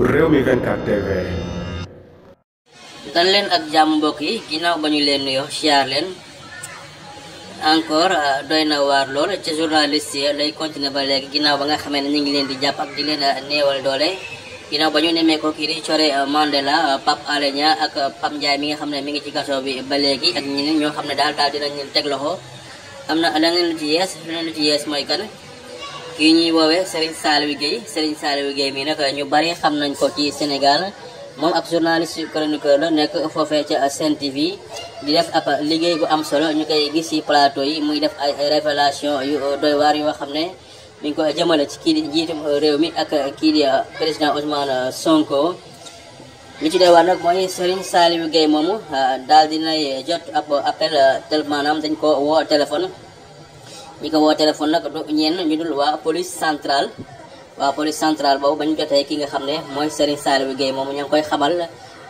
Rewmi 24 TV. dal leen ak jàmm mbokk yi ginnaaw ba ñu leen nuyoo siyaar leen encore euh, doy na waar lool ci journaliste yi lay continuer ba léegi ginnaaw ba nga xamee ne ñu ngi leen di jàpp ak di leen euh, néewal doole. ginnaaw ba ñu nemmee ko kii di Coré euh, Mandela Pape Alé ak Pape Ndiaye mi nga xam ne mi ngi ci kaso bi ba léegi ak ñeneen ñoo xam ne daal daal dinañu teg loxo am na leneen lu ci yees leneen lu ci yees mooy kan. ki ñuy woowee Serigne Saliou Guèye Serigne Saliou Guèye mi nag ñu bari xam nañ ko ci Sénégal moom ak journaliste chroniqueur la nekk foofee ca Sen TV di def ab liggéey bu am solo ñu koy gis ci plateau yi muy def ay révélation yu doy waar yoo xam ne mi ko jëmale ci kii di njiitum réew mi ak kii di président Ousmane Sonko li ci doy waar nag mooy Serigne Saliou Guèye moomu ah, daal dinay jot ab appel dañ ko woo téléphone ñi ko woo téléphone nag ñenn ñu dul waa police centrale waa police centrale boobu ba ñu jotee ki nga xam ne mooy Serigne Saliou géey moom ñu ngi koy xamal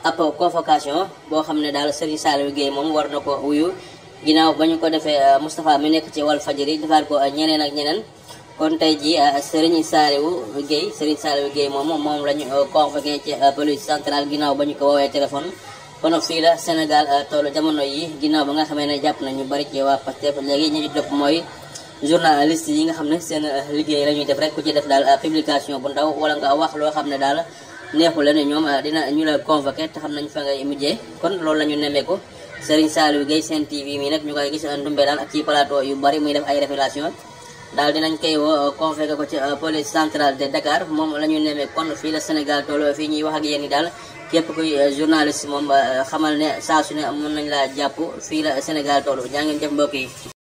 ab convocation boo xam ne daal Serigne Saliou géey moom war na ko wuyu ginnaaw ñu ko defee euh, Moustapha mi nekk ci Walfadjri defaat ko euh, ñeneen ak ñeneen kon tey jii euh, Serigne Saliou Gueye Serigne Saliou Gueye moom moom la ñu convoqué ci police centrale ginnaaw ba ñu ko woowee téléphone. kon fii la Sénégal toolu jamono yi ginnaaw ba nga xamee ne jàpp nañu bari ci waa Pastef léegi ñu ci topp mooy. journaliste yi nga xam ne seen eh, liggéey la ñuy def rek ku ci def daal eh, publication bu ndaw wala nga wax loo xam ne daal neexul la ne ñoom eh, dina ñu la convoqué te xam nañ fa ngay mujjee kon loolu la ñu nemmee ko Serigne Saliou Gueye Sen TV mii nag ñu koy gis ndumbe daal ak ci plateau yu bari muy def ay révélation daal dinañ koy woo convoqué ko ci police centrale de Dakar moom la ñu nemmee kon fii la Sénégal tolloo fii ñuy wax ak yéen i daal képp kuy journaliste moom ba xamal ne saa su ne mën nañ laa jàpp fii la Sénégal toll jaa ngeen jëf mbokk yi